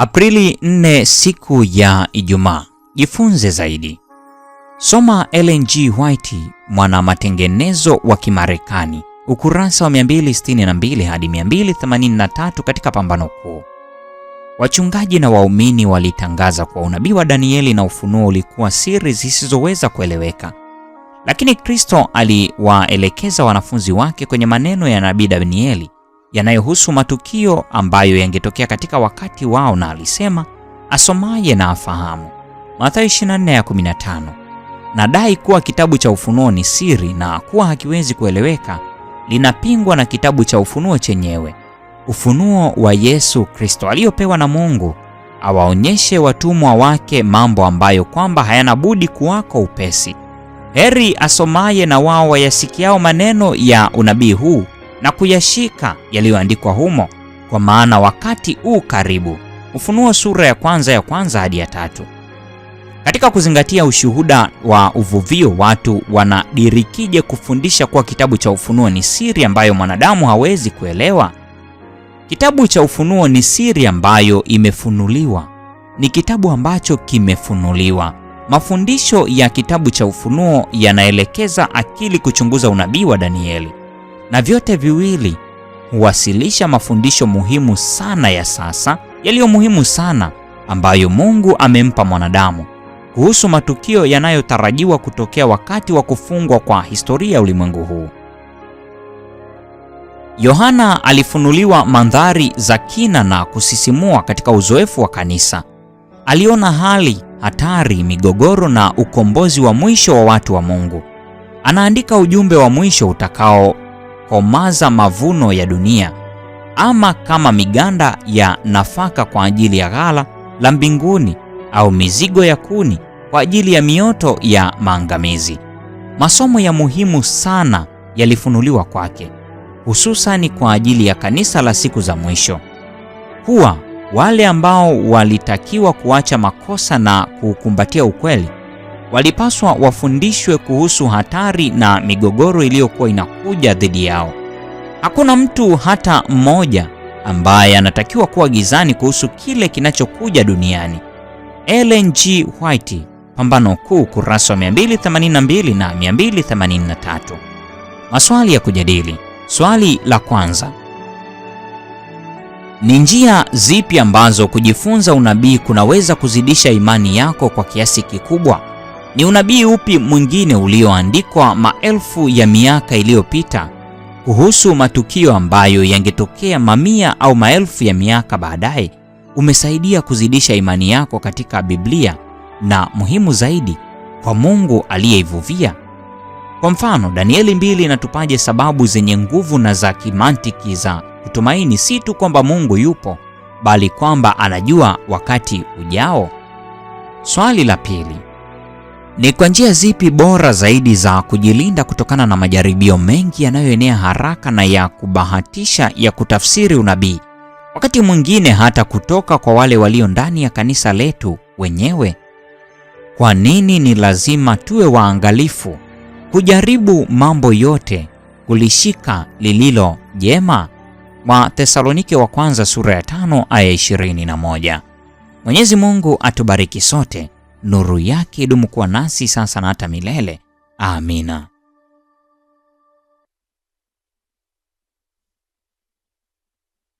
Aprili 4 siku ya Ijumaa. Jifunze zaidi. Soma Ellen G. White, mwana matengenezo wa Kimarekani, ukurasa wa 262 hadi 283 katika pambano kuu. Wachungaji na waumini walitangaza kuwa unabii wa Danieli na ufunuo ulikuwa siri zisizoweza kueleweka. Lakini Kristo aliwaelekeza wanafunzi wake kwenye maneno ya nabii Danieli yanayohusu matukio ambayo yangetokea katika wakati wao, na alisema asomaye na afahamu. Mathayo 24:15. Nadai kuwa kitabu cha Ufunuo ni siri na kuwa hakiwezi kueleweka, linapingwa na kitabu cha Ufunuo chenyewe, ufunuo wa Yesu Kristo aliyopewa na Mungu awaonyeshe watumwa wake mambo ambayo kwamba hayana budi kuwako upesi. Heri asomaye na wao wayasikiao maneno ya unabii huu na kuyashika yaliyoandikwa humo, kwa maana wakati u karibu. Ufunuo sura ya kwanza ya kwanza hadi ya tatu. Katika kuzingatia ushuhuda wa uvuvio, watu wanadirikije kufundisha kuwa kitabu cha Ufunuo ni siri ambayo mwanadamu hawezi kuelewa? Kitabu cha Ufunuo ni siri ambayo imefunuliwa, ni kitabu ambacho kimefunuliwa. Mafundisho ya kitabu cha Ufunuo yanaelekeza akili kuchunguza unabii wa Danieli na vyote viwili huwasilisha mafundisho muhimu sana ya sasa yaliyo muhimu sana ambayo Mungu amempa mwanadamu kuhusu matukio yanayotarajiwa kutokea wakati wa kufungwa kwa historia ya ulimwengu huu. Yohana alifunuliwa mandhari za kina na kusisimua katika uzoefu wa kanisa. Aliona hali, hatari, migogoro na ukombozi wa mwisho wa watu wa Mungu. Anaandika ujumbe wa mwisho utakao kukomaza mavuno ya dunia, ama kama miganda ya nafaka kwa ajili ya ghala la mbinguni au mizigo ya kuni kwa ajili ya mioto ya maangamizi. Masomo ya muhimu sana yalifunuliwa kwake, hususani kwa ajili ya kanisa la siku za mwisho, kuwa wale ambao walitakiwa kuacha makosa na kukumbatia ukweli walipaswa wafundishwe kuhusu hatari na migogoro iliyokuwa inakuja dhidi yao. Hakuna mtu hata mmoja ambaye anatakiwa kuwa gizani kuhusu kile kinachokuja duniani. Ellen G. White, Pambano Kuu, kurasa 282 na 283. Maswali ya kujadili. Swali la kwanza: ni njia zipi ambazo kujifunza unabii kunaweza kuzidisha imani yako kwa kiasi kikubwa? Ni unabii upi mwingine ulioandikwa maelfu ya miaka iliyopita kuhusu matukio ambayo yangetokea mamia au maelfu ya miaka baadaye umesaidia kuzidisha imani yako katika Biblia na muhimu zaidi kwa Mungu aliyeivuvia? Kwa mfano, Danieli mbili inatupaje sababu zenye nguvu na za kimantiki za kutumaini si tu kwamba Mungu yupo bali kwamba anajua wakati ujao? Swali la pili, ni kwa njia zipi bora zaidi za kujilinda kutokana na majaribio mengi yanayoenea haraka na ya kubahatisha ya kutafsiri unabii, wakati mwingine hata kutoka kwa wale walio ndani ya kanisa letu wenyewe? Kwa nini ni lazima tuwe waangalifu kujaribu mambo yote kulishika lililo jema? Wathesalonike wa kwanza sura ya tano aya 21. Mwenyezi Mungu atubariki sote nuru yake idumu kuwa nasi sasa na hata milele. Amina.